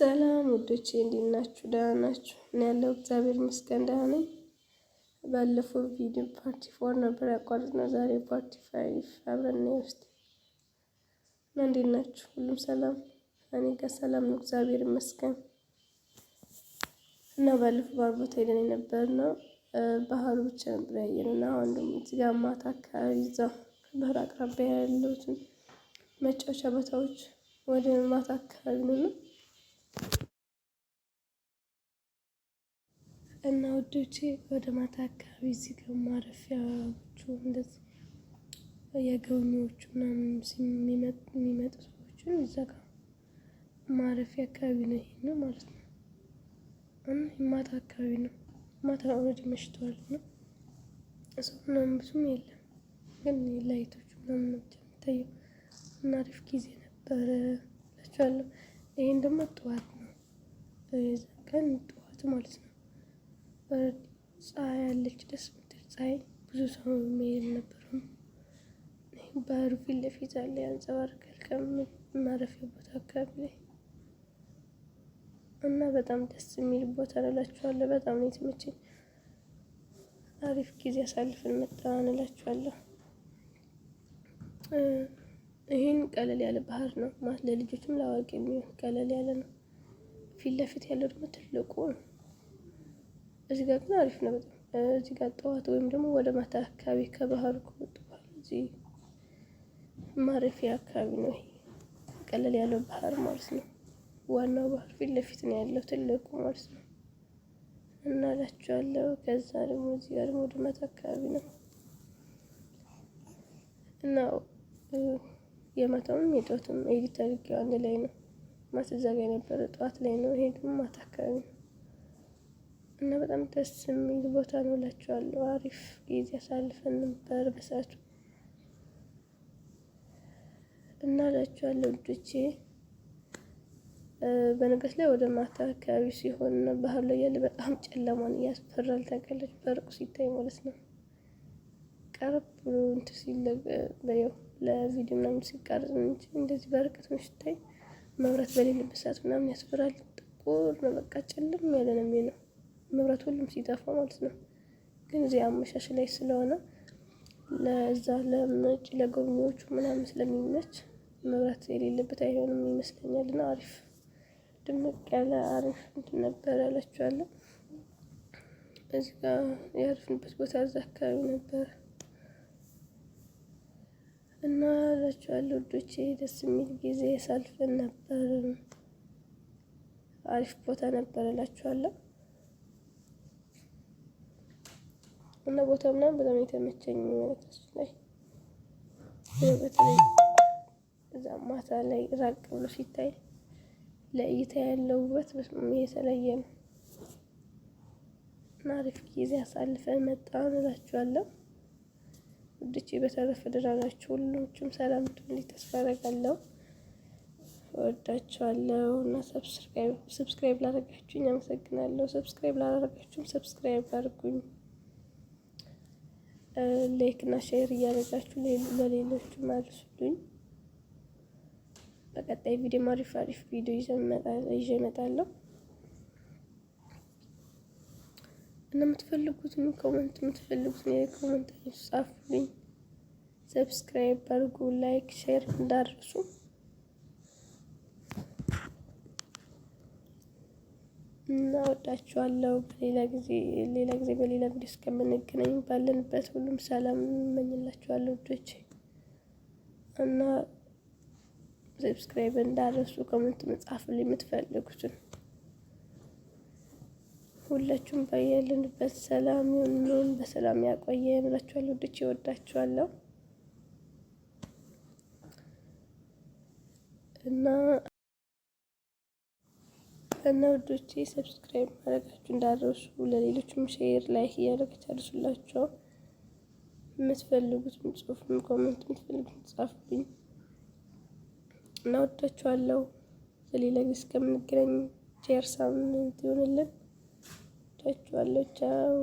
ሰላም ውዶቼ እንዴት ናችሁ? ደህና ናችሁ? እኔ ያለው እግዚአብሔር ይመስገን ደህና ነኝ። ባለፈው ቪዲዮ ፓርቲ ፎር ነበር ያቋረጥነው። ዛሬ ፓርቲ ፋይቭ አብረን ነው ውስጥ እና እንዴት ናችሁ? ሁሉም ሰላም? እኔ ጋር ሰላም ነው እግዚአብሔር ይመስገን። እና ባለፈው ባር ቦታ ሄደን የነበር ነው ባህሩ ብቻ ነበር ያየን እና አሁን ደግሞ እዚህ ጋር ማታ አካባቢ እዛው ባህር አቅራቢያ ያሉትን መጫወቻ ቦታዎች ወደ ማታ አካባቢ ነው ነው እና ውዶቼ ወደ ማታ አካባቢ እዚህ ጋር ማረፊያዎቹ እንደዚህ የገውኞቹ ምናምን የሚመጡ ሰዎችን እዛ ጋር ማረፊያ አካባቢ ነው ይሄን ነው ማለት ነው። እና ማታ አካባቢ ነው። ማታ ኦልሬዲ መሽተዋል ነው ሰው ምናምን ብዙም የለም፣ ግን ላይቶቹ ምናምን ነው ብቻ የሚታየው እና አሪፍ ጊዜ ነበረ እላችኋለሁ። ይሄን ደግሞ ጠዋት ነው የዛን ቀን ጠዋት ማለት ነው። ነበር። ፀሐይ አለች ደስ ምትል ፀሐይ ብዙ ሰው የሚሄድ ነበረም። ባህሩ ፊት ለፊት አለ ያንጸባርቃል። ከማረፊያ ቦታ አካባቢ ላይ እና በጣም ደስ የሚል ቦታ እላችኋለሁ። በጣም ነው የተመቸኝ። አሪፍ ጊዜ አሳልፍን መጣን እላችኋለሁ። ይህን ቀለል ያለ ባህር ነው ማለት ለልጆችም ለአዋቂ የሚሆን ቀለል ያለ ነው። ፊት ለፊት ያለው ደግሞ ትልቁ እዚህ ጋር ግን አሪፍ ነው በጣም እዚህ ጋር ጠዋት ወይም ደግሞ ወደ ማታ አካባቢ ከባህሩ ከወጡ በኋላ እዚህ ማረፊያ አካባቢ ነው። ይሄ ቀለል ያለው ባህር ማለት ነው። ዋናው ባህር ፊት ለፊት ነው ያለው ትልቁ ማለት ነው። እና እላችኋለሁ። ከዛ ደግሞ እዚህ ጋር ደግሞ ወደ ማታ አካባቢ ነው እና የማታውም የጠዋትም ኤዲት አድርጌው አንድ ላይ ነው። ማታ እዛ ጋር የነበረ ጠዋት ላይ ነው። ይሄ ደግሞ ማታ አካባቢ ነው። እና በጣም ደስ የሚል ቦታ ነው እላችኋለሁ። አሪፍ ጊዜ አሳልፈን ነበር በሳቱ እና እላችኋለሁ ውዶቼ። በነገስ ላይ ወደ ማታ አካባቢ ሲሆን ባህር ላይ ያለ በጣም ጨለማን እያስፈራል። ታውቃለች በርቁ ሲታይ ማለት ነው። ቀረብ ብሎ እንትን ሲለበው ለቪዲዮ ምናምን ሲቀርጽ እንጂ እንደዚህ በርቀት ነው ሲታይ መብራት በሌለበት ሰዓት ምናምን ያስፈራል። ጥቁር ነው በቃ ጨለም ያለ ነው የሚሆነው። መብራት ሁሉም ሲጠፋ ማለት ነው። ግን እዚህ አመሻሽ ላይ ስለሆነ ለዛ ለመጭ ለጎብኚዎቹ ምናምን ስለሚመች መብራት የሌለበት አይሆንም ይመስለኛል። እና አሪፍ ድምቅ ያለ አሪፍ ነበር ያላችኋለሁ። እዚህ ጋር ያረፍንበት ቦታ እዛ አካባቢ ነበር እና እላችኋለሁ ውዶቼ ደስ የሚል ጊዜ ሳልፈን ነበር። አሪፍ ቦታ ነበር እላችኋለሁ። እና ቦታ ምናምን በጣም የተመቸኝ ማለት ላይ በተለይ እዛ ማታ ላይ ራቅ ብሎ ሲታይ ለእይታ ያለው ውበት የተለየ ነው እና አሪፍ ጊዜ አሳልፈን መጣን እላችኋለሁ። ውድቼ በተረፈ ደራራችሁ ሁሉችም ሰላም ትሁን ተስፋ አደርጋለሁ። ወዳችኋለሁ እና ሰብስክራይብ ላደረጋችሁኝ አመሰግናለሁ። ሰብስክራይብ ላደረጋችሁም ሰብስክራይብ አድርጉኝ። ላይክ እና ሼር እያደረጋችሁ ለሌሎችም አድርሱልኝ። በቀጣይ ቪዲዮ አሪፍ አሪፍ ቪዲዮ ይዤ እመጣለሁ እና የምትፈልጉትን ኮመንት የምትፈልጉትን የኮመንት ጻፉልኝ። ሰብስክራይብ አድርጉ፣ ላይክ ሼር እንዳርሱ እና ወዳችኋለሁ። በሌላ ጊዜ ሌላ ጊዜ በሌላ ቪዲዮ እስከምንገናኝ ባለንበት ሁሉም ሰላም እመኝላችኋለሁ ውዶች እና ሰብስክራይብ እንዳረሱ ኮመንት መጻፍ ላይ የምትፈልጉትን ሁላችሁም ባያለንበት ሰላም ይሁን፣ በሰላም ያቆየ እንላችኋለሁ። ውዶች ይወዳችኋለሁ እና እና ውዶቼ ሰብስክራይብ ማድረጋችሁ እንዳደረሱ ለሌሎችም ሼር ላይክ እያደረጋችሁ አድርሱላቸው። የምትፈልጉት ጽሁፍ ኮመንት የምትፈልጉት ጻፉልኝ እና ወዳችኋለሁ። በሌላ ጊዜ እስከምንገናኝ ቸር ሳምንት ይሆንልን። ወዳችኋለሁ። ቻው